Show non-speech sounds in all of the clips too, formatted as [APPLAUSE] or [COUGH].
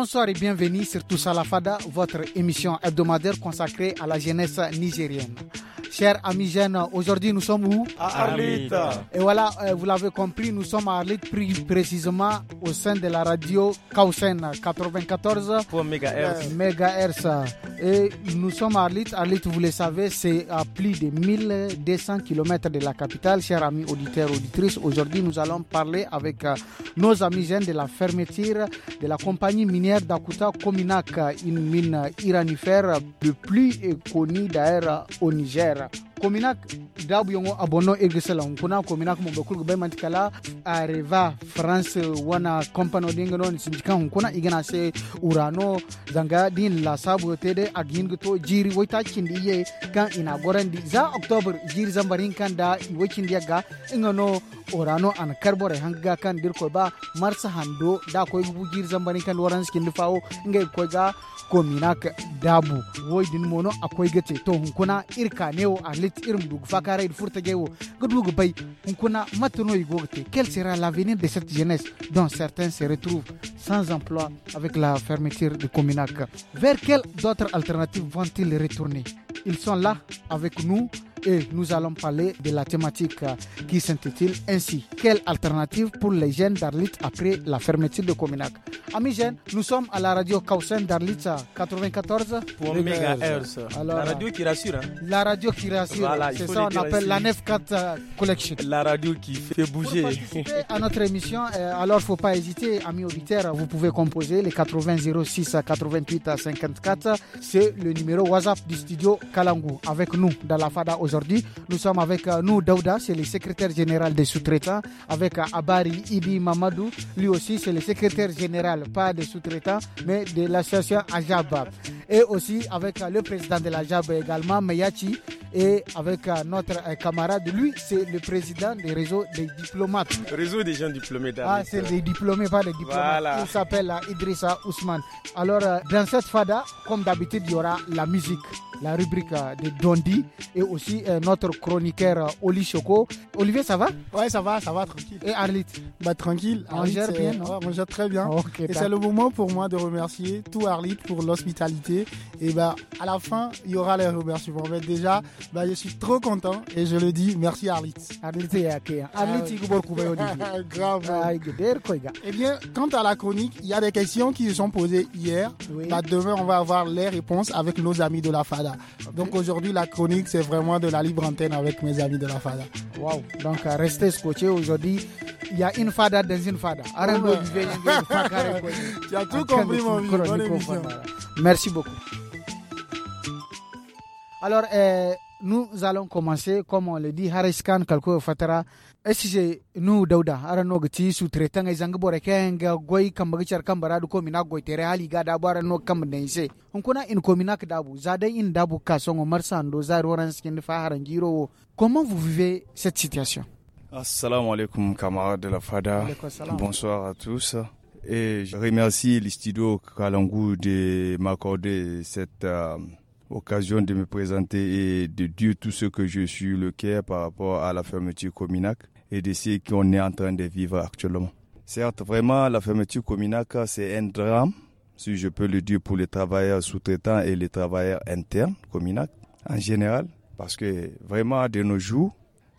Bonsoir et bienvenue sur Toussa la Fada, votre émission hebdomadaire consacrée à la jeunesse nigérienne. Chers amis jeunes, aujourd'hui nous sommes où À Arlit. Et voilà, euh, vous l'avez compris, nous sommes à Arlit, plus précisément au sein de la radio Kausen 94 pour MHz nous sommes à Arlit. Arlit, vous le savez, c'est à plus de 1200 km de la capitale. Chers amis auditeurs, auditrices, aujourd'hui, nous allons parler avec euh, nos amis jeunes de la fermeture de la compagnie minière d'Akuta Kominak, une mine iranifère le plus connue d'ailleurs au Niger. kominak dabu yongo abono egisela kuna kominak mo bekul bay mantikala areva france wana company dinga non sinjika kuna igana se urano zanga din la sabu tede agin to jiri waita kindi ye kan ina gorandi za october jiri zambarin kan da dia ga ingano orano an karbore hanga kan dirko ba marsa hando da koy gubu jiri zambarin kan waran skin fawo ngai ko ga kominak dabu woidin mono akoy gete to kuna irka newo a quel sera l'avenir de cette jeunesse dont certains se retrouvent sans emploi avec la fermeture de Cominac vers quelles autres alternatives vont-ils retourner ils sont là avec nous et nous allons parler de la thématique qui s'intitule ainsi Quelle alternative pour les jeunes d'Arlit après la fermeture de Cominac Amis jeunes, nous sommes à la radio Kausen d'Arlit 94 pour La radio qui rassure. Hein. La radio qui rassure c'est ça, on appelle la 9-4 euh, Collection. La radio qui fait bouger. Pour à notre émission, euh, alors il ne faut pas hésiter, amis auditeurs, vous pouvez composer les 80 06 88 54. C'est le numéro WhatsApp du studio Kalangu. Avec nous, dans la FADA aujourd'hui, nous sommes avec euh, nous, Daouda, c'est le secrétaire général des sous-traitants, avec Abari Ibi Mamadou, lui aussi c'est le secrétaire général, pas des sous-traitants, mais de l'association Ajabab et aussi avec euh, le président de la JAB également, Meyachi, et avec euh, notre euh, camarade, lui, c'est le président des réseaux des diplomates. réseau des gens diplômés Ah, c'est des diplômés, pas des diplomates. Il s'appelle Idrissa Ousmane. Alors, dans cette fada, comme d'habitude, il y aura la musique, la rubrique de Dondi et aussi notre chroniqueur Oli Choko. Olivier, ça va Oui, ça va, ça va, tranquille. Et Arlit Bah, tranquille. On bien, très bien. et c'est le moment pour moi de remercier tout Arlit pour l'hospitalité et bien, bah, à la fin, il y aura les remerciements. Mais déjà, bah, je suis trop content et je le dis, merci Arlit. Arlit, ah Arlit, [LAUGHS] ah, Grave. Ah, eh bien, quant à la chronique, il y a des questions qui se sont posées hier. Bah, demain, on va avoir les réponses avec nos amis de la FADA. Donc aujourd'hui, la chronique, c'est vraiment de la libre antenne avec mes amis de la FADA. Waouh. Donc, restez scotché aujourd'hui il y a une fada dans une fada. Tu as tout compris, mon Merci beaucoup. Alors, euh, nous allons commencer, comme on le dit, Haris Khan, Kalko Fatara. Est-ce nous, Dauda, Aranogati, sous-traitant, et Keng, Goy, Kambagichar Kambara, du Komina, Goitere, Gada, Bara, no Kamdense. On connaît une Komina Kdabu, Zade in Dabu Kasson, Omarsando, Zaroran, Skin, Faharangiro. Comment vous vivez cette situation? Assalamu alaikum camarades de la FADA. Bonsoir à tous. Et je remercie listido studio Kalangou de m'accorder cette euh, occasion de me présenter et de dire tout ce que je suis le cas par rapport à la fermeture Cominac et de ce qu'on est en train de vivre actuellement. Certes, vraiment, la fermeture Cominac, c'est un drame, si je peux le dire, pour les travailleurs sous-traitants et les travailleurs internes Cominac en général, parce que vraiment, de nos jours,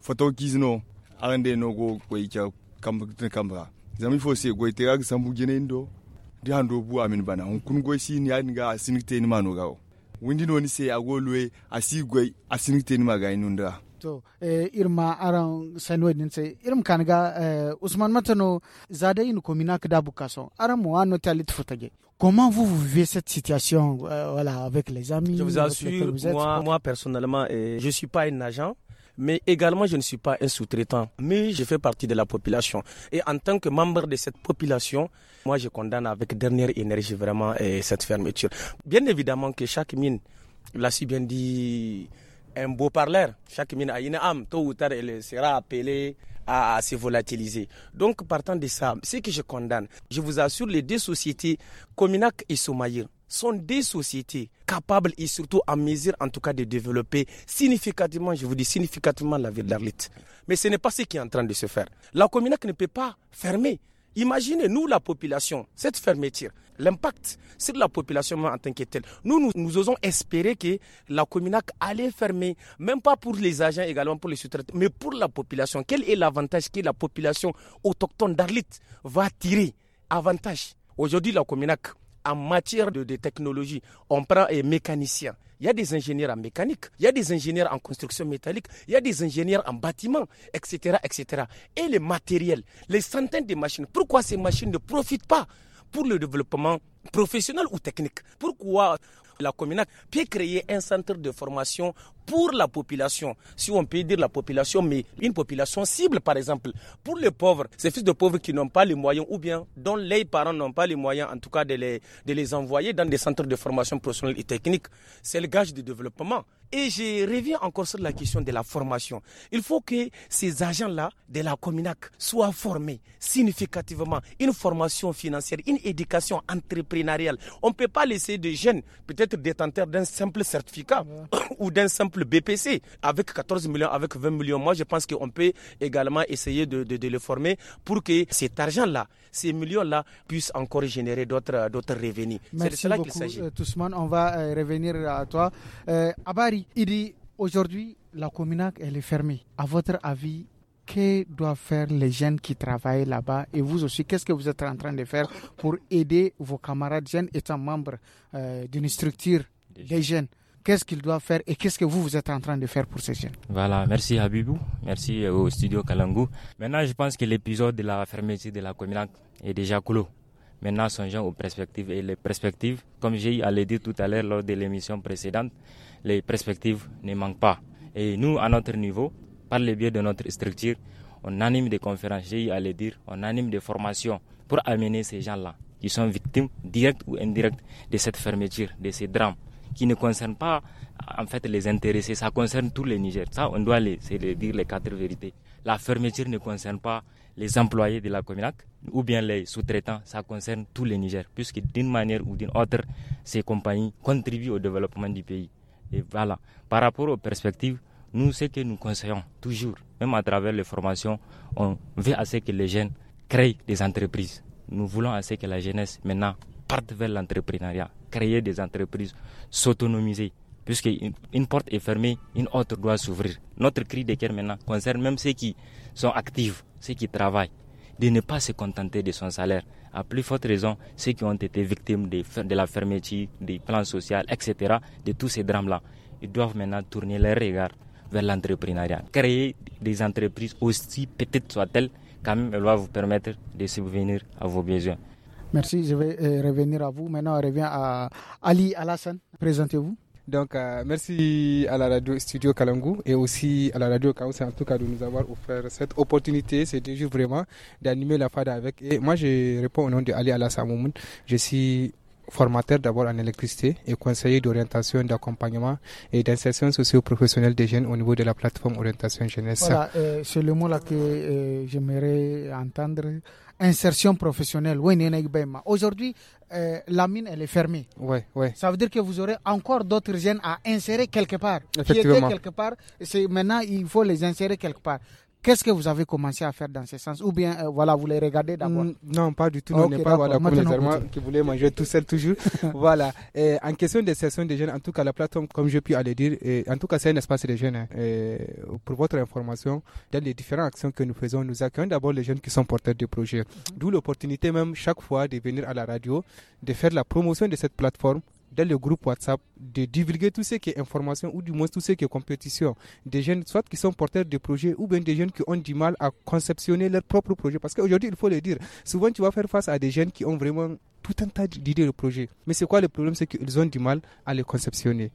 foto kizno arande no go ko icha kambra kambra zami fo se go itega sambu genendo di hando bu amin bana on kun go si ni ga sinite ni mano gawo windi no ni se ago lwe asigwe asinite ni maga inunda to eh, irma aran sanwe din se irm eh, usman matano zade in komina kada bukaso aran mo ano talit fotage Comment vous vivez cette situation euh, voilà, avec les amis Je vous assure, vous êtes... moi, moi personnellement, euh, je ne suis pas un agent, mais également je ne suis pas un sous-traitant, mais je fais partie de la population. Et en tant que membre de cette population, moi je condamne avec dernière énergie vraiment eh, cette fermeture. Bien évidemment que chaque mine, l'a si bien dit un beau parleur, chaque mine a une âme, tôt ou tard elle sera appelée à, à se volatiliser. Donc partant de ça, ce que je condamne, je vous assure les deux sociétés, Cominac et Somaïr, sont des sociétés capables et surtout en mesure en tout cas de développer significativement, je vous dis significativement la ville d'Arlit. Mais ce n'est pas ce qui est en train de se faire. La Communac ne peut pas fermer. Imaginez, nous, la population, cette fermeture, l'impact sur la population en tant que telle. Nous, nous, nous, osons espérer que la Communac allait fermer, même pas pour les agents également, pour les sous-traitants, mais pour la population. Quel est l'avantage que la population autochtone d'Arlit va tirer Avantage. Aujourd'hui, la Communac en matière de, technologie, on prend les mécaniciens. Il y a des ingénieurs en mécanique, il y a des ingénieurs en construction métallique, il y a des ingénieurs en bâtiment, etc., etc. Et les matériels, les centaines de machines. Pourquoi ces machines ne profitent pas pour le développement professionnel ou technique. Pourquoi la commune peut créer un centre de formation pour la population, si on peut dire la population, mais une population cible, par exemple, pour les pauvres, ces fils de pauvres qui n'ont pas les moyens ou bien dont les parents n'ont pas les moyens, en tout cas, de les, de les envoyer dans des centres de formation professionnelle et technique. C'est le gage du développement. Et je reviens encore sur la question de la formation. Il faut que ces agents-là de la Cominac soient formés significativement. Une formation financière, une éducation entrepreneuriale. On ne peut pas laisser des jeunes, peut-être détenteurs d'un simple certificat [COUGHS] ou d'un simple BPC, avec 14 millions, avec 20 millions. Moi, je pense qu'on peut également essayer de, de les former pour que cet argent-là ces millions-là puissent encore générer d'autres euh, revenus. C'est de cela qu'il s'agit. Euh, Toussman, on va euh, revenir à toi. Euh, Abari, il dit aujourd'hui, la communac, elle est fermée. À votre avis, que doivent faire les jeunes qui travaillent là-bas et vous aussi, qu'est-ce que vous êtes en train de faire pour aider vos camarades jeunes étant membres d'une structure des jeunes qu'est-ce qu'il doit faire et qu'est-ce que vous, vous êtes en train de faire pour ces jeunes. Voilà, merci Habibou, merci euh, au studio Kalangou. Maintenant, je pense que l'épisode de la fermeture de la commune est déjà clos. Maintenant, songeons aux perspectives. Et les perspectives, comme j'ai eu à le dire tout à l'heure lors de l'émission précédente, les perspectives ne manquent pas. Et nous, à notre niveau, par le biais de notre structure, on anime des conférences, j'ai à le dire, on anime des formations pour amener ces gens-là qui sont victimes, directes ou indirectes, de cette fermeture, de ces drames qui ne concerne pas en fait les intéressés, ça concerne tous les Niger. Ça, on doit les, dire les quatre vérités. La fermeture ne concerne pas les employés de la Cominac ou bien les sous-traitants, ça concerne tous les Niger, puisque d'une manière ou d'une autre, ces compagnies contribuent au développement du pays. Et voilà. Par rapport aux perspectives, nous, ce que nous conseillons toujours, même à travers les formations, on veut à ce que les jeunes créent des entreprises. Nous voulons à ce que la jeunesse maintenant parte vers l'entrepreneuriat créer des entreprises, s'autonomiser. une porte est fermée, une autre doit s'ouvrir. Notre cri de cœur maintenant concerne même ceux qui sont actifs, ceux qui travaillent, de ne pas se contenter de son salaire. À plus forte raison, ceux qui ont été victimes de, de la fermeture, des plans sociaux, etc., de tous ces drames-là, ils doivent maintenant tourner leur regard vers l'entrepreneuriat. Créer des entreprises aussi petites soient-elles, quand même, elles doivent vous permettre de subvenir à vos besoins. Merci, je vais euh, revenir à vous. Maintenant, on revient à Ali Alassane. Présentez-vous. Donc, euh, merci à la radio Studio Kalangou et aussi à la radio Kaoussa en tout cas de nous avoir offert cette opportunité. C'est juste vraiment d'animer la FADA avec. Et moi, je réponds au nom de Ali Alassane Moumoun. Je suis formateur d'abord en électricité et conseiller d'orientation, d'accompagnement et d'insertion socio-professionnelle des jeunes au niveau de la plateforme orientation jeunesse. Voilà, euh, c'est le mot là que j'aimerais entendre insertion professionnelle. Aujourd'hui, euh, la mine, elle est fermée. Ouais, ouais. Ça veut dire que vous aurez encore d'autres jeunes à insérer quelque part. Effectivement. quelque part, maintenant, il faut les insérer quelque part. Qu'est-ce que vous avez commencé à faire dans ce sens Ou bien, euh, voilà, vous les regardez d'abord mm, Non, pas du tout. on n'est pas voilà, les armes qui voulaient manger tout seul toujours. [LAUGHS] voilà. en question des sessions des jeunes, en tout cas, la plateforme, comme je puis aller dire, en tout cas, c'est un espace des jeunes. Hein. Euh, pour votre information, dans les différentes actions que nous faisons, nous accueillons d'abord les jeunes qui sont porteurs de projets. Mm-hmm. D'où l'opportunité même chaque fois de venir à la radio, de faire la promotion de cette plateforme le groupe WhatsApp de divulguer tout ce qui est information ou du moins tout ce qui est compétition des jeunes, soit qui sont porteurs de projets ou bien des jeunes qui ont du mal à conceptionner leur propre projet. Parce qu'aujourd'hui, il faut le dire, souvent tu vas faire face à des jeunes qui ont vraiment tout un tas d'idées de projets. Mais c'est quoi le problème C'est qu'ils ont du mal à les conceptionner.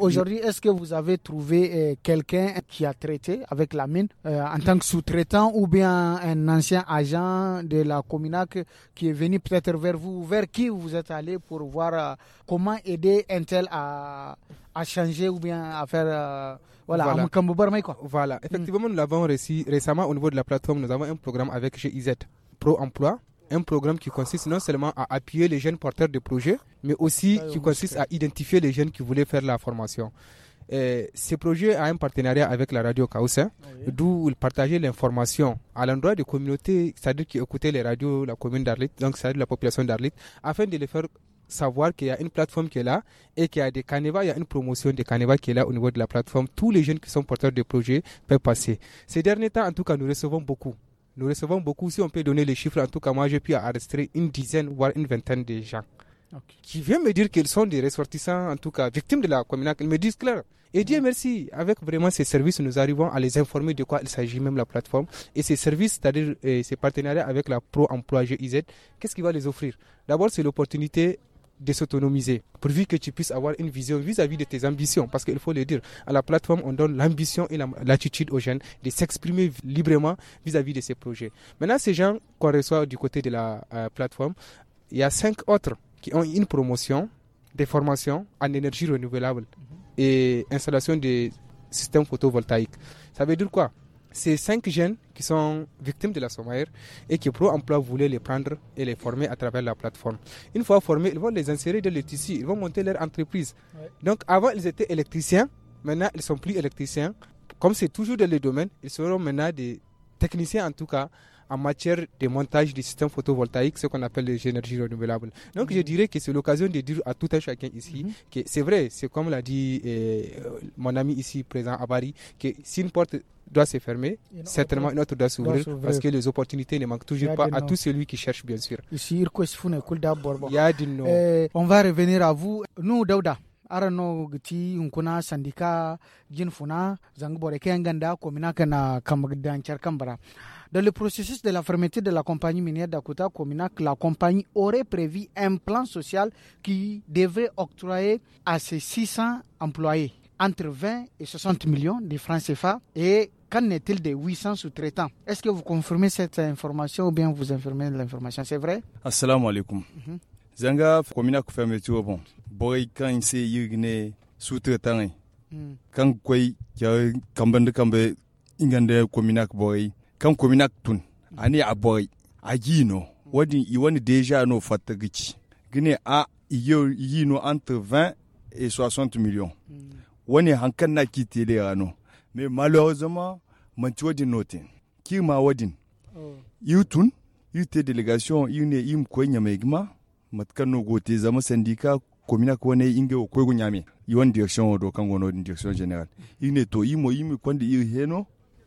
aujourd'hui, est-ce que vous avez trouvé euh, quelqu'un qui a traité avec la mine euh, en tant que sous-traitant ou bien un ancien agent de la Cominac qui est venu peut-être vers vous Vers qui vous êtes allé pour voir euh, comment aider un tel à, à changer ou bien à faire voilà, voilà. quoi. Voilà, mm. effectivement, nous l'avons récemment au niveau de la plateforme. Nous avons un programme avec GIZ Pro Emploi un programme qui consiste non seulement à appuyer les jeunes porteurs de projets, mais aussi qui consiste à identifier les jeunes qui voulaient faire la formation. ce projet a un partenariat avec la radio Kaoussa, d'où il partageait l'information à l'endroit des communautés, c'est-à-dire qui écoutaient les radios, la commune d'Arlit, donc c'est-à-dire la population d'Arlit, afin de les faire savoir qu'il y a une plateforme qui est là et qu'il y a des carnivals, il y a une promotion des carnivals qui est là au niveau de la plateforme. Tous les jeunes qui sont porteurs de projets peuvent passer. Ces derniers temps, en tout cas, nous recevons beaucoup nous recevons beaucoup, si on peut donner les chiffres, en tout cas moi j'ai pu arrêter une dizaine, voire une vingtaine de gens. qui vient me dire qu'ils sont des ressortissants, en tout cas victimes de la communauté. Ils me disent clair. Et Dieu merci, avec vraiment ces services, nous arrivons à les informer de quoi il s'agit même la plateforme. Et ces services, c'est-à-dire ces partenariats avec la Pro Emploi GIZ, qu'est-ce qui va les offrir D'abord, c'est l'opportunité de s'autonomiser, pourvu que tu puisses avoir une vision vis-à-vis de tes ambitions. Parce qu'il faut le dire, à la plateforme, on donne l'ambition et l'attitude aux jeunes de s'exprimer librement vis-à-vis de ces projets. Maintenant, ces gens qu'on reçoit du côté de la euh, plateforme, il y a cinq autres qui ont une promotion des formations en énergie renouvelable mhm. et installation des systèmes photovoltaïques. Ça veut dire quoi ces cinq jeunes qui sont victimes de la sommaire et qui Pro Emploi voulait les prendre et les former à travers la plateforme. Une fois formés, ils vont les insérer dans le tissu, ils vont monter leur entreprise. Donc avant, ils étaient électriciens, maintenant, ils sont plus électriciens. Comme c'est toujours dans le domaine, ils seront maintenant des techniciens en tout cas en matière de montage des systèmes photovoltaïques, ce qu'on appelle les énergies renouvelables. Donc, je dirais que c'est l'occasion de dire à tout un chacun ici mhm. que c'est vrai, c'est comme l'a dit euh, mon ami ici présent à Paris, que si une porte doit se fermer, certainement une autre doit s'ouvrir parce que les opportunités ne manquent toujours pas à tout celui qui cherche, bien sûr. Eh, on va revenir à vous. Nous, sandika dans le processus de la fermeture de la compagnie minière d'Akuta Kominak, la compagnie aurait prévu un plan social qui devrait octroyer à ses 600 employés entre 20 et 60 millions de francs CFA et qu'en est-il des 800 sous-traitants Est-ce que vous confirmez cette information ou bien vous infirmez l'information C'est vrai Assalamu alaikum. Mhm. Zanga, komina bon kan kuminak tun ani aboy agino wadi i wani deja no fatagici gine a iyo yino entre 20 et 60 millions hmm. wani hankan na ki tele ano mais malheureusement manci wadin notin ki ma wadin oh. yutun yute delegation yune im koynya mai gima matkan no gote zama sandika komina ko ne inge ko go nyame yon direction do kan gono direction general ine to imo imi kwandi yi heno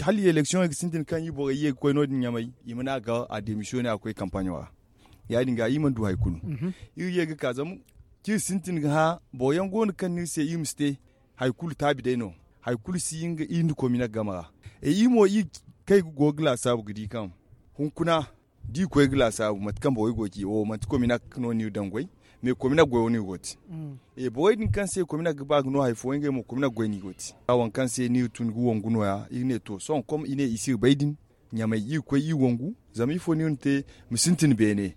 hali election extintin kan yi bore ye ko no din yamai imana ga a demission akwai campagne wa ya dinga yi man du kunu mhm. yi ye ga kazam ki sintin ha boyan gon kan ni se im stay haikulu ta dai no haikul si ga indi ko mina gama e mo yi kai go glass sabu gidi kam hunkuna di ko glass sabu mat kan boy goki o mat ko mina kno ni dangwai me komina gwe gweni goti e boy din kan se komina gbag no hay nge mo komina gwe ni goti won kan se ni e tun gu wongu no ya ine to son kom ine isi baydin nyama yi ko yi wongu zami fo ni unte musintin bene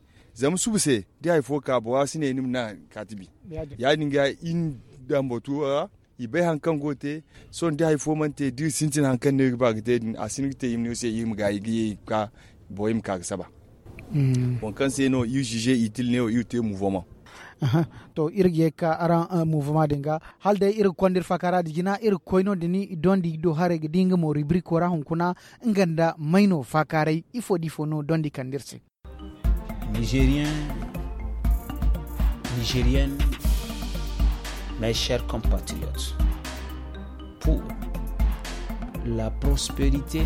su se di hay fo ka bo asine nim na katibi ya ga in dambo to a i han kan gote son di hay fo man te di sintin han kan ne gba te din asin gte yim ni se yim ga yi ka boyim ka saba mm. bon kanse no yu jije itil ne o yu te mouvement to irge ka aran eh, mouvement halde ir kondir fakara dijina ir koyno dini dondi do hare dinga mo ribri ko hunkuna nganda maino fakare ifo difono dondi kandirse nigérien nigérienne mes chers compatriotes pour la prospérité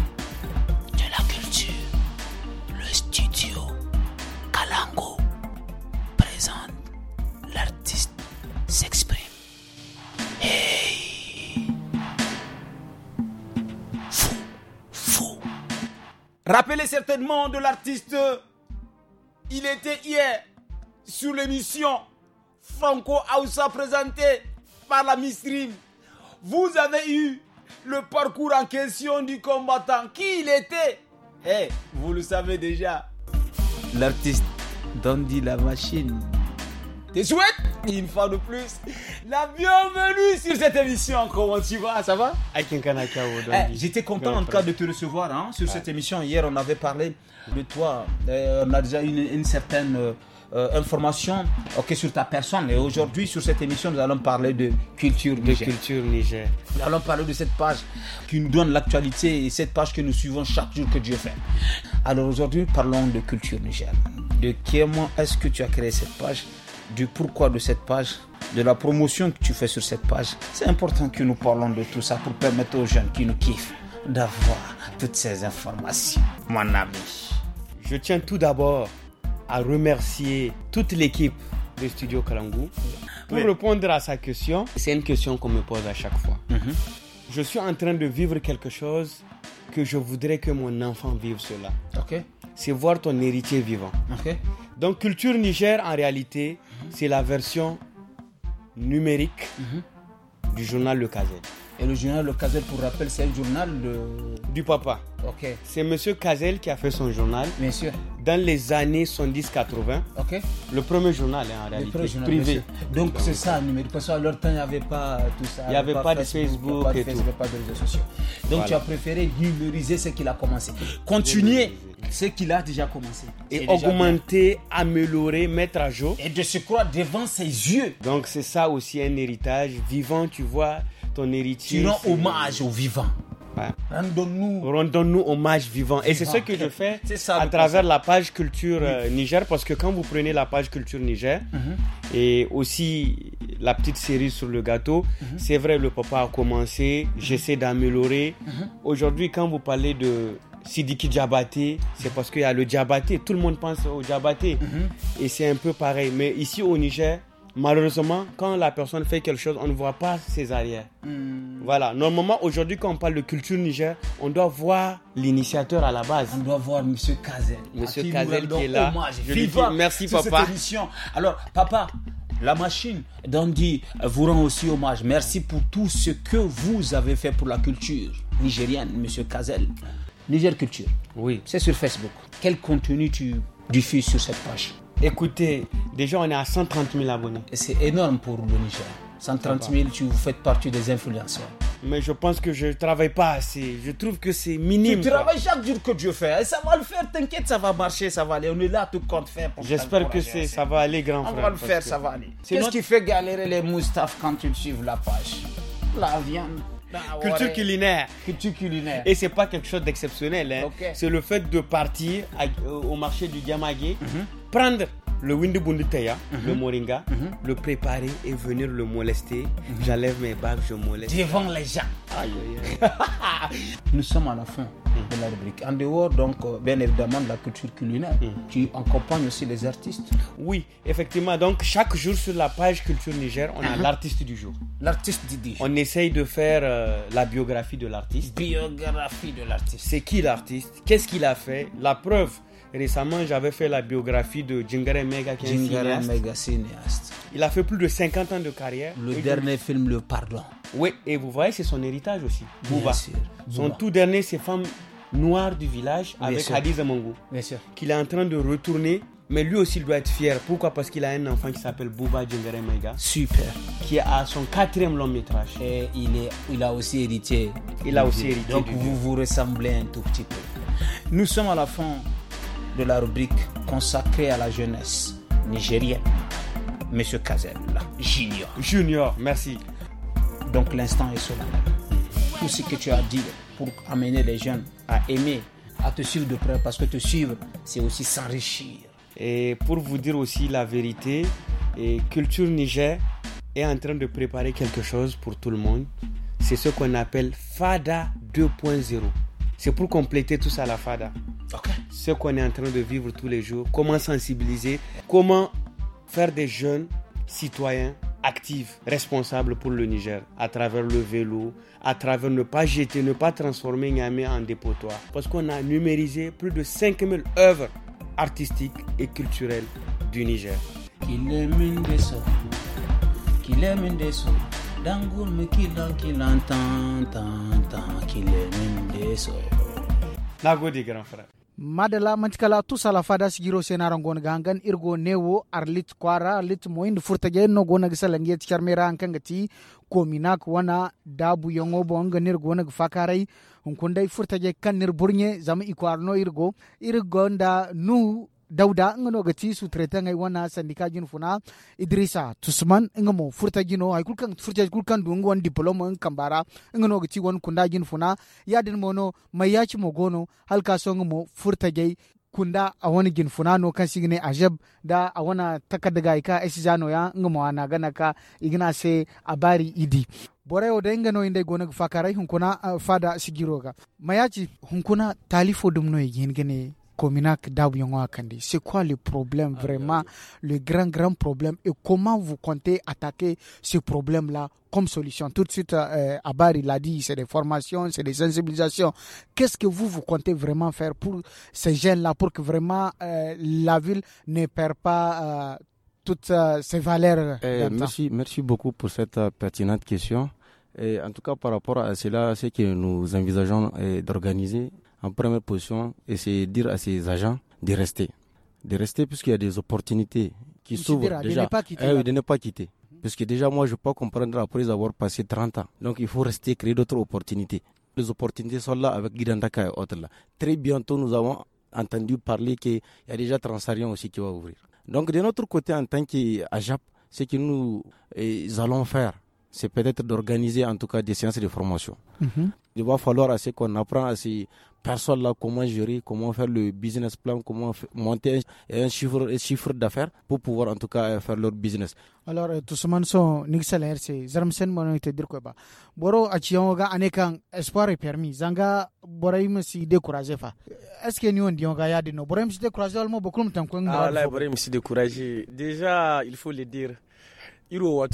Rappelez certainement de l'artiste, il était hier sur l'émission Franco Aoussa présentée par la Rim. Vous avez eu le parcours en question du combattant. Qui il était Eh, vous le savez déjà. L'artiste Dandy la machine. T'es souhaite une fois de plus la bienvenue sur cette émission. Comment tu vas Ça va eh, J'étais content en tout cas de te recevoir hein, sur cette émission. Hier, on avait parlé de toi. Euh, on a déjà une, une certaine euh, information sur ta personne. Et aujourd'hui, sur cette émission, nous allons parler de culture Niger. De culture Niger. Nous allons parler de cette page qui nous donne l'actualité et cette page que nous suivons chaque jour que Dieu fait. Alors aujourd'hui, parlons de culture Niger. De qui est-ce que tu as créé cette page du pourquoi de cette page, de la promotion que tu fais sur cette page. C'est important que nous parlons de tout ça pour permettre aux jeunes qui nous kiffent d'avoir toutes ces informations. Mon ami. Je tiens tout d'abord à remercier toute l'équipe de Studio Kalangu pour répondre à sa question. C'est une question qu'on me pose à chaque fois. Mhm. Je suis en train de vivre quelque chose que je voudrais que mon enfant vive cela. C'est voir ton héritier vivant. Donc culture Niger, en réalité, c'est la version numérique mhm. du journal Le Casette. Et le journal Le Cazel, pour rappel, c'est un journal du papa. Ok. C'est Monsieur Cazel qui a fait son journal. Bien sûr. Dans les années 70-80. Ok. Le premier journal hein, en réalité. Le premier journal, privé. Donc c'est ça, numérique. Parce qu'à leur temps, il n'y avait pas tout ça. Il n'y avait, pas, de Facebook, pas de Il n'y Pas de réseaux sociaux. Donc tu as préféré numériser ce qu'il a commencé. Continuer ce qu'il a déjà commencé. Et, augmenter, améliorer, mettre à jour. Et de se croire devant ses yeux. Donc c'est ça aussi un héritage vivant, tu vois ton héritier. Tu rends hommage aux vivants. Rendons-nous Rendons hommage vivant. Et c'est ce que je fais à travers la page culture euh, Niger, parce que quand vous prenez la page culture Niger, mhm. et aussi la petite série sur le gâteau, mhm. c'est vrai, le papa a commencé, mhm. j'essaie d'améliorer. Aujourd'hui, quand vous parlez de Sidiki Diabaté, c'est parce qu'il y a le Diabaté, tout le monde pense au Diabaté. Et c'est un peu pareil. Mais ici au Niger, malheureusement, quand la personne fait quelque chose, on ne voit pas ses arrières. Hmm. Voilà. Normalement, aujourd'hui, quand on parle de culture Niger, on doit voir l'initiateur à la base. On doit voir M. Kazel. M. Kazel qui est là. Je merci, papa. Alors, papa, la machine d'Andy vous rend aussi hommage. Merci pour tout ce que vous avez fait pour la culture nigérienne, M. Kazel. Niger Culture. Oui. C'est sur Facebook. Quel contenu tu diffuses sur cette page Écoutez, Déjà, on est à 130 000 abonnés. C'est énorme pour le Niger. 130 000, tu faites partie des influenceurs. Mais je pense que je ne travaille pas assez. Je trouve que c'est minime. Tu travailles chaque jour que Dieu fait. Et ça va le faire, t'inquiète, ça va marcher, ça va aller. On est là, tout compte faire. J'espère que ça va aller, grand frère. On va le faire, ça va aller. Qu'est-ce qui fait galérer les moustaphes quand ils suivent la page La viande. Culture culinaire. Culture culinaire. Et c'est pas quelque chose d'exceptionnel. Hein. C'est le fait de partir au marché du Diamagué, mhm. prendre le Windu Bunduteya, mhm. le Moringa, mhm. le préparer et venir le molester. Mhm. J'enlève mes bagues, je moleste. Devant les gens. [LAUGHS] Nous sommes à la fin de la rubrique. En dehors, donc, euh, bien évidemment, de la culture culinaire, tu accompagnes aussi les artistes. Oui, effectivement. Donc, chaque jour sur la page Culture Niger, on a l'artiste du jour. L'artiste Didi. On essaye de faire euh, la biographie de l'artiste. Biographie de l'artiste. C'est qui l'artiste Qu'est-ce qu'il a fait La preuve Récemment, j'avais fait la biographie de Djingare Mega, qui est Mega cinéaste. Il a fait plus de 50 ans de carrière. Le dernier film, Le Pardon. Oui, et vous voyez, c'est son héritage aussi. Bouba. Son tout dernier, c'est Femme Noire du village avec avec sûr. Bien sûr. Qu'il est en train de retourner mais lui aussi, il doit être fier. Pourquoi Parce qu'il a un enfant qui s'appelle Bouba Djingare Mega. Super. Qui a son quatrième long métrage. Et il, est, il a aussi hérité. Il a aussi hérité. Donc vous vous ressemblez un tout petit peu. Nous sommes à la fin de la rubrique consacrée à la jeunesse nigérienne, Monsieur Kazel Junior. Junior, merci. Donc l'instant est solennel. Mm. Tout ce que tu as dit pour amener les jeunes à aimer, à te suivre de près, parce que te suivre, c'est aussi s'enrichir. Et pour vous dire aussi la vérité, et Culture Niger est en train de préparer quelque chose pour tout le monde. C'est ce qu'on appelle FADA 2.0. C'est pour compléter tout ça la FADA. Ce qu'on est en train de vivre tous les jours, comment sensibiliser, comment faire des jeunes citoyens actifs, responsables pour le Niger, à travers le vélo, à travers ne pas jeter, ne pas transformer Niamey en dépotoir. Parce qu'on a numérisé plus de 5000 œuvres artistiques et culturelles du Niger. qu'il qu'il entend, tant, tant, qu'il une yeeso na godi grand frère madala mantikala tusala fada sigiro senaron gonga hangan irgo newo arlit kwara arlit moind furtage no gona gisala ngiet charmera hankanga ti komina wana dabu yongo bonga nir gona gfakarai hunkunday furtage kan nir burnye zama ikwarno irgo irgonda nu dawda nga no gati su treta ngai wana sandika jin funa idrisa tusman nga mo furta jino ay kulkan furta kulkan du ngon diploma ng kambara nga no gati wan kunda jin funa yadin mono mayachi mo gono halka so nga mo furta jai kunda a wani gin funa no kan signe ajab da a wana takadaga ika esijano ya nga mo ana gana ka igna se abari idi borai o denga no inde gona fakarai hunkuna ah, fada sigiroga mayachi hunkuna talifo dum no yin gene C'est quoi le problème vraiment, le grand, grand problème et comment vous comptez attaquer ce problème-là comme solution Tout de suite, euh, Abar, il a dit, c'est des formations, c'est des sensibilisations. Qu'est-ce que vous, vous comptez vraiment faire pour ces jeunes-là, pour que vraiment euh, la ville ne perd pas euh, toutes ses euh, valeurs eh, merci, merci beaucoup pour cette pertinente question. en tout cas, par rapport à cela, ce que nous envisageons eh, d'organiser en première position et c'est dire à ses agents de rester. De rester puisqu'il y a des opportunités qui s'ouvrent déjà. De ne pas quitter. Ah de ne pas quitter. Parce que déjà, moi, je ne peux pas comprendre après avoir passé 30 ans. Donc, il faut rester, créer d'autres opportunités. Les opportunités sont là avec Guidandaka et autres. Là. Très bientôt, nous avons entendu parler qu'il y a déjà Transarion aussi qui va ouvrir. Donc, de notre côté, en tant qu'AJAP, ce que nous eh, allons faire, c'est peut-être d'organiser en tout cas des séances de formation. Mmh. Il va falloir assez qu'on apprenne à ces personnes-là comment gérer, comment faire le business plan, comment monter un, chiffre, chiffre d'affaires pour pouvoir en tout cas euh, faire leur business. Alors, tout ce monde sont nixel RC, Zarmsen mon été dire quoi bah. Boro achionga anekan espoir est permis. Zanga boraim si découragé fa. Est-ce que nous on dit on gagne de boraim si découragé almo beaucoup temps. Ah là boraim si découragé. Déjà, il faut le dire. Donc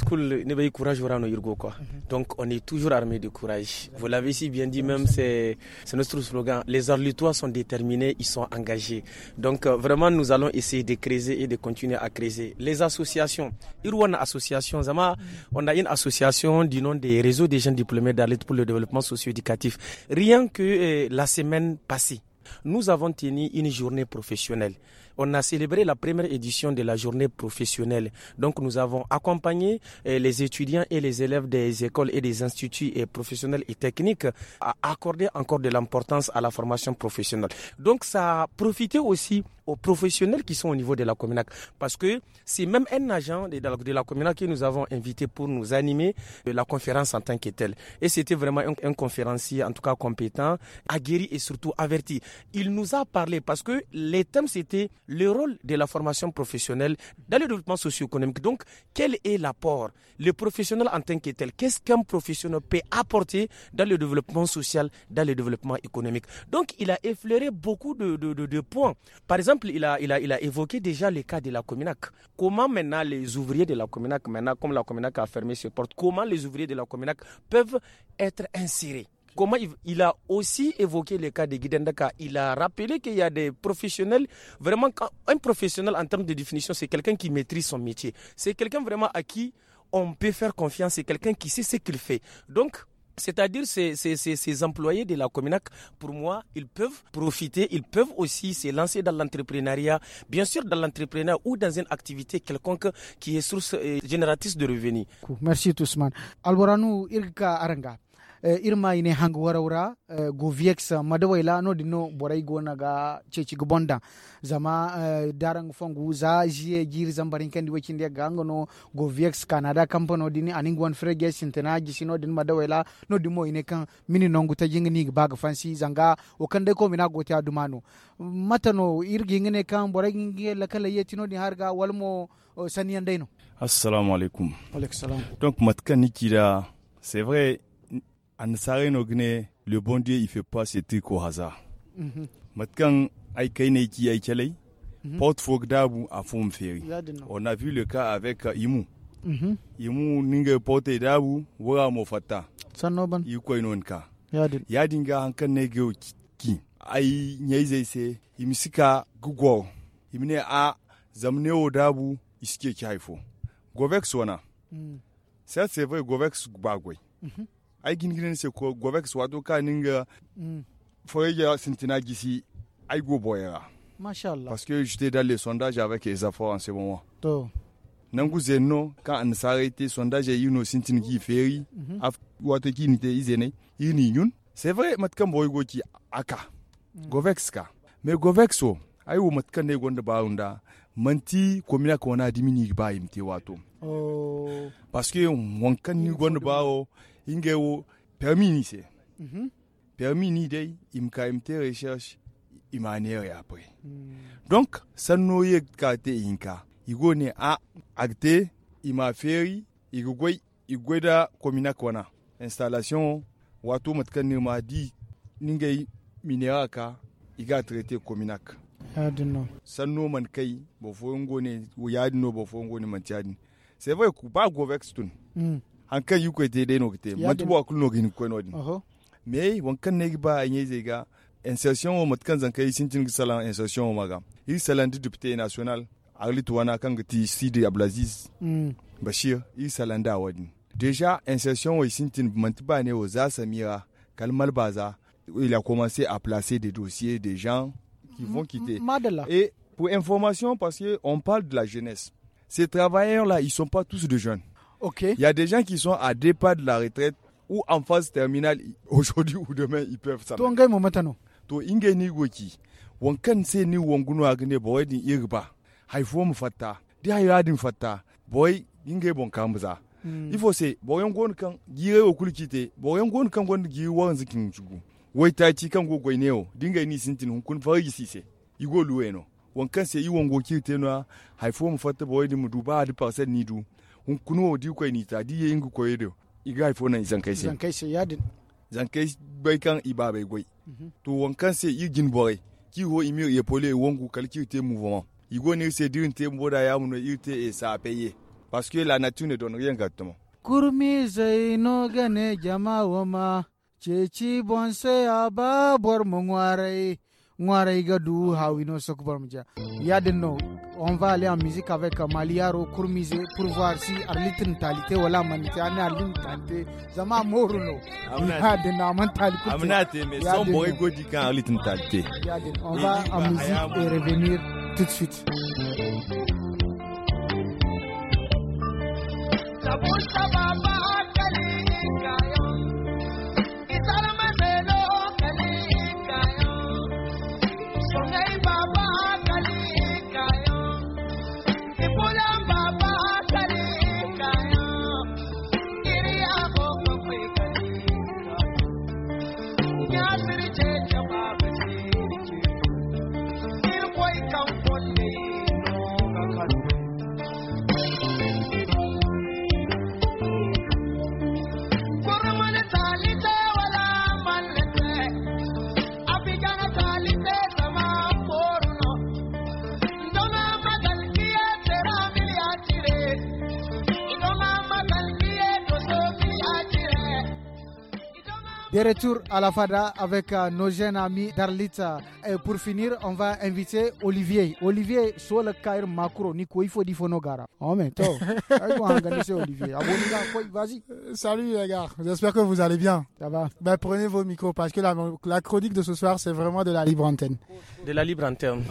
on est toujours armé de courage. Vous l'avez si bien dit, même c'est notre slogan. Les Arlutois sont déterminés, ils sont engagés. Donc euh, vraiment nous allons essayer de créer et de continuer à créer. Les associations, association, on a une association du nom des réseaux des jeunes diplômés d'alerte pour le développement socio-éducatif. Rien que euh, la semaine passée, nous avons tenu une journée professionnelle on a célébré la première édition de la journée professionnelle. Donc nous avons accompagné eh, les étudiants et les élèves des écoles et des instituts eh, professionnels et techniques à accorder encore de l'importance à la formation professionnelle. Donc ça a profité aussi aux professionnels qui sont au niveau de la Communac, Parce que c'est même un agent de la, de la que nous avons invité pour nous animer euh, la conférence en tant que telle. Et c'était vraiment un, conférencier, en tout cas compétent, aguerri et surtout averti. Il nous a parlé parce que les thèmes, c'était le rôle de la formation professionnelle dans le développement socio-économique. Donc, quel est l'apport Le professionnel en tant que tel, qu'est-ce qu'un professionnel peut apporter dans le développement social, dans le développement économique Donc, il a effleuré beaucoup de, de points. Par exemple, il a, évoqué déjà le cas de la communac Comment maintenant les ouvriers de la Cominac, maintenant comme la Cominac a fermé ses portes, comment les ouvriers de la communac peuvent être insérés Comment il, a aussi évoqué le cas de Guidendaka. Il a rappelé qu'il y a des professionnels, vraiment, un professionnel en termes de définition, c'est quelqu'un qui maîtrise son métier. C'est quelqu'un vraiment à qui on peut faire confiance, c'est quelqu'un qui sait ce qu'il fait. Donc, c'est-à-dire ces, ces, employés de la Cominac, pour moi, ils peuvent profiter, ils peuvent aussi se lancer dans l'entrepreneuriat, bien sûr dans l'entrepreneuriat ou dans une activité quelconque qui est source euh, génératrice de revenus. Merci Tousman. Alboranou Irka Aranga. Eh, irma ine hangu wara wara eh, go eh, madawa ila no dino borai go naga ceci go bonda zama darang fongu za jie gir zambarin kandi wacinde gango no go viex canada kampano dini aning wan frege sintena gisino din ila no dimo ine kan mini nongu ta jingni bag fansi zanga o kande ko mina go ta dumano matano irgi ngene kan borai ngie lakala yetino ni harga walmo saniyandaino assalamu alaikum alaikum salam donc matkan nikira c'est vrai ansarai no gine le bon dieu il fait pas ce truc au hasard mhm. matkan ai kai ne ki ai kelai mhm. port fog dabu a fum feri on a vu le cas avec euh, imu mhm. imu ninga porte dabu wura mo fatta sanoban yi koy non ka yadin ga hankan ne ge ki ai nyai zai se imisika gugo imine a zamne o dabu iske ki govex wana mm. sai c'est vrai govex -hmm. ai ginginen se ko gobek swato ka ninga mm. foyeja sintina gisi ai go boyera mashallah parce que j'étais dans les sondages avec les affaires en ce moment to nangu zenno ka an sarete sondage yuno sintin mhm. ki feri af wato ki ni te izene yini yun c'est vrai matkan boy go ki aka mm. govex ka mais govex o ai wo matkan ne gonda baunda manti komina ko na dimini ba imte wato oh parce que wankan ni gonda bawo oh. inga wo permini se mm -hmm. permini dai im ka im te recherche imanere après mm. donc sanno ye ka te inka igo ne a agte ima feri igogoi da komina kona installation wato matkan nirma ma di ninge minera ka iga traiter kominak yadino sanno man kai ba foyon gone yadino ba foyon gone man tiadin c'est vrai ku ba govex tun mm. hankan yi kwai dai no kite matuwa kul no gini kwai no din me wankan ne ba anye zai ga insertion mat kan zan kai sin tin salan insertion maga yi salan du député national aglit wana kan gati sidi ablaziz mm. bashir yi salan da wadin deja insertion wai sin tin mantiba ne wa za samira kalmal baza il a commencé à placer des dossiers des gens qui mm-hmm. vont quitter. Madela. Et pour information, parce qu'on parle de la jeunesse, ces travailleurs-là, ils ne sont pas tous de jeunes. Ok. Il y a des gens qui sont à deux pas de la retraite ou en phase terminale [LAUGHS] aujourd'hui ou demain ils peuvent ça. To ngai mo matano. To inge ni goki. Won kan se ni won gunu agne boy din irba. fo mu fatta. Di hayo adin fatta. Boy inge bon kamza. Hmm. Il faut se boyon gon kan gire o kulkite. Boyon gon kan gon gi wan zikin chugu. Wai ta ci kan go goine o. Dinga ni sintin hun kun fari sise. Igo luweno. Won kan se i won goki teno fo mu fatta boy din mu duba adi parcel ni du. hun kuno di kwa ni ta di yingu ko yedo iga ifo na zan kai se zan kai se yadin zan kai bai kan iba bai goi mhm. to wankan se gin bore ki ho imi ye pole wongu kalki te mouvement igo ne se dirin te boda ya mun te e sa paye parce que la nature ne donne rien gâtement kurmi zaino gane jama'a ma ceci bonse aba bor mungwarai du Ngwaraïgadou, Hawino Sokbarmja. Yadeno, on va aller en musique avec euh, Maliaro Kourmise pour voir si Arlitin Talité ou la Manité, Anne Arlin Zama Moruno. Yadena, Mantalité. Amnate, mais son boy Godika Arlitin Talité. Yadena, on va en bah, musique et revenir tout de suite. Sabu sababa hakali ikaya. De retour à la FADA avec euh, nos jeunes amis d'Arlita. Et pour finir, on va inviter Olivier. Olivier, sur le Kair Macro, Nico, il faut dire Oh, mais toi, [LAUGHS] Olivier. Ah, vas-y. Euh, salut les gars, j'espère que vous allez bien. Ça va ben, Prenez vos micros parce que la, chronique de ce soir, c'est vraiment de la libre antenne. De la libre antenne.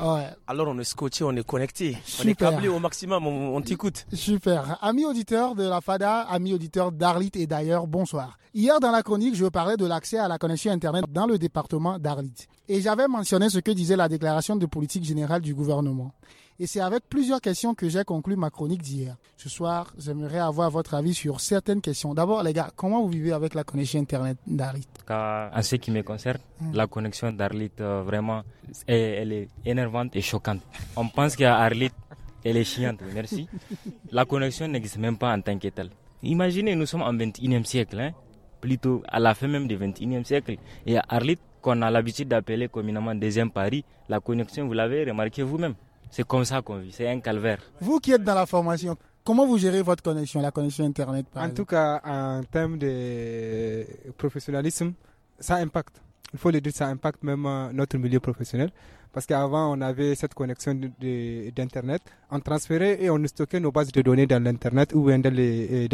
Alors on est scotché, on est connecté, on est câblé au maximum, on, t'écoute. Super. Ami auditeur de la FADA, amis auditeurs d'Arlit et d'ailleurs, bonsoir. Hier dans la chronique, je parlais de la accès à la connexion Internet dans le département d'Arlit. Et j'avais mentionné ce que disait la déclaration de politique générale du gouvernement. Et c'est avec plusieurs questions que j'ai conclu ma chronique d'hier. Ce soir, j'aimerais avoir votre avis sur certaines questions. D'abord, les gars, comment vous vivez avec la connexion Internet d'Arlit En ce qui me concerne, hum. la connexion d'Arlit, euh, vraiment, elle, est énervante et choquante. On pense qu'à Arlit, elle est chiante, merci. La connexion n'existe même pas en tant que telle. Imaginez, nous sommes en 21e siècle. Hein? plutôt à la fin même du XXIe siècle. Et à Arlit, qu'on a l'habitude d'appeler communément deuxième Paris, la connexion, vous l'avez remarqué vous-même. C'est comme ça qu'on vit, c'est un calvaire. Vous qui êtes dans la formation, comment vous gérez votre connexion, la connexion Internet En tout cas, en termes de professionnalisme, ça impacte. Il faut le dire, ça impacte même euh, notre milieu professionnel. Parce qu'avant, on avait cette connexion d'Internet. On transférait et on stockait nos bases de données dans l'Internet ou euh, dans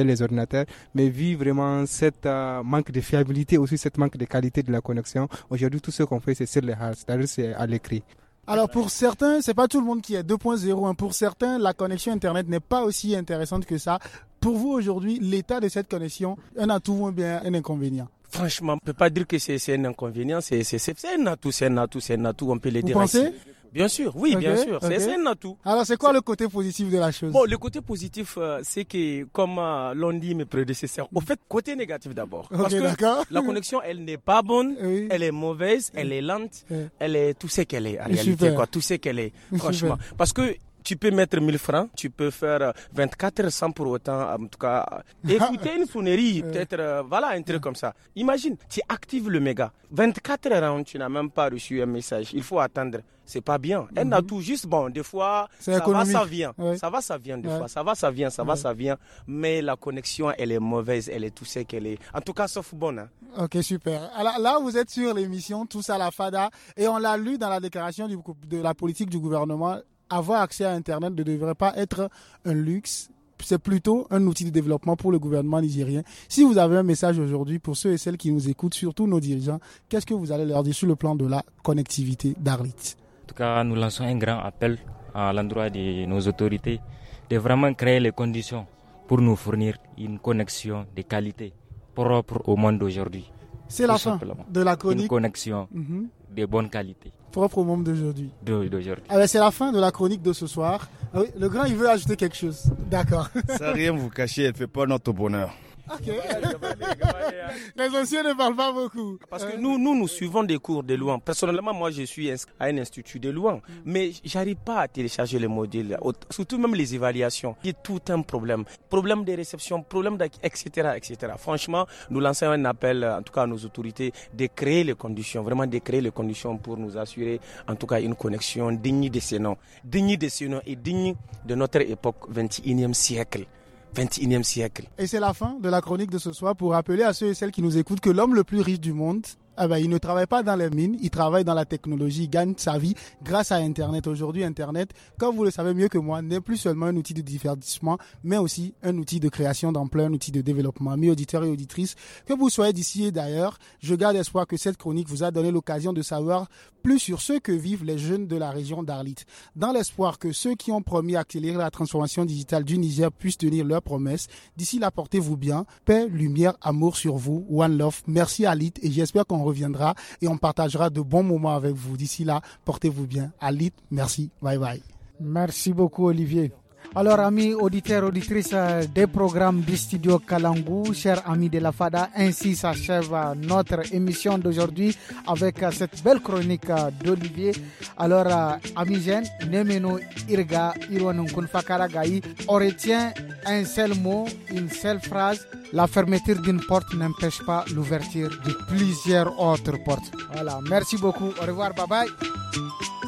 les, ordinateurs. Mais vu vraiment cette euh, manque de fiabilité, aussi cette manque de qualité de la connexion, aujourd'hui, tout ce qu'on fait, c'est sur les hard, cest à l'écrit. Alors pour certains, c'est pas tout le monde qui est 2.01, hein. Pour certains, la connexion internet n'est pas aussi intéressante que ça. Pour vous aujourd'hui, l'état de cette connexion, un atout ou bien un inconvénient Franchement, on ne peut pas dire que c'est un inconvénient, c'est un atout, c'est un atout, c'est un atout, on peut le dire pensez? Bien sûr, oui, bien sûr, c'est un atout. Alors, c'est quoi le côté positif de la chose Bon, le côté positif, euh, c'est que, comme euh, l'ont dit mes prédécesseurs, au fait, côté négatif d'abord. parce la connexion, elle n'est pas bonne, elle est mauvaise, elle est lente, elle est tout ce qu'elle est, en réalité, quoi, tout ce qu'elle est, franchement. Parce que tu peux mettre 1000 francs, tu peux faire 24 euh, pour autant, euh, en tout cas, euh, [LAUGHS] écouter une sonnerie, peut-être, voilà, un truc comme ça. Imagine, tu actives le méga. 24 heures, tu n'as même pas reçu un message. Il faut attendre. C'est pas bien. Elle n'a mhm. tout juste, bon, des fois, ça va, ça vient. Ça va, ça vient, des fois. Ça va, ça vient, ça va, ça vient. Mais la connexion, elle est mauvaise, elle est tout sec, qu'elle est. En tout cas, sauf bonne. Hein. Ok, super. Alors là, vous êtes sur l'émission Tous à la Fada et on l'a lu dans la déclaration du, de la politique du gouvernement avoir accès à Internet ne devrait pas être un luxe. C'est plutôt un outil de développement pour le gouvernement nigérien. Si vous avez un message aujourd'hui pour ceux et celles qui nous écoutent, surtout nos dirigeants, qu'est-ce que vous allez leur dire sur le plan de la connectivité d'Arlit En tout cas, nous lançons un grand appel à l'endroit de nos autorités de vraiment créer les conditions pour nous fournir une connexion de qualité propre au monde d'aujourd'hui. C'est la fin de la chronique. Une connexion mhm. de bonne qualité propre au monde d'aujourd'hui. Ah ben, c'est la fin de la chronique de ce soir. Ah le grand, il veut ajouter quelque chose. D'accord. Ça rien vous cacher, elle fait pas notre bonheur. [LAUGHS] les anciens ne parlent pas beaucoup. Parce que euh. nous, nous, nous suivons des cours de loin. Personnellement, moi, je suis à un institut de loin, mm. mais j'arrive pas à télécharger les modules, surtout même les évaluations. Il y a tout un problème. Problème de réception, problème d'etcetera, etc., etc. Franchement, nous lançons un appel, euh, en tout cas, à nos autorités, de créer les conditions, vraiment de créer les conditions pour nous assurer, en tout cas, une connexion digne de ces noms, digne de ces noms et digne de notre époque 21e siècle. 21e siècle. Et c'est la fin de la chronique de ce soir pour rappeler à ceux et celles qui nous écoutent que l'homme le plus riche du monde ah bah, il ne travaille pas dans les mines, il travaille dans la technologie, il gagne sa vie grâce à Internet. Aujourd'hui, Internet, comme vous le savez mieux que moi, n'est plus seulement un outil de divertissement, mais aussi un outil de création d'emploi, un outil de développement. Mes auditeurs et auditrices, que vous soyez d'ici et d'ailleurs, je garde espoir que cette chronique vous a donné l'occasion de savoir plus sur ce que vivent les jeunes de la région d'Arlit, dans l'espoir que ceux qui ont promis accélérer la transformation digitale du Niger puissent tenir leurs promesses. D'ici là, portez-vous bien. Paix, lumière, amour sur vous. One love. Merci Arlit et j'espère qu'on reviendra et on partagera de bons moments avec vous. D'ici là, portez-vous bien. Alit, merci. Bye bye. Merci beaucoup, Olivier. Alors, amis auditeurs, auditrices des programmes du studio Kalangou, chers amis de la FADA, ainsi s'achève notre émission d'aujourd'hui avec cette belle chronique d'Olivier. Alors, amis jeunes, Irga Irwanunkun on retient un seul mot, une seule phrase. La fermeture d'une porte n'empêche pas l'ouverture de plusieurs autres portes. Voilà, merci beaucoup. Au revoir, bye bye.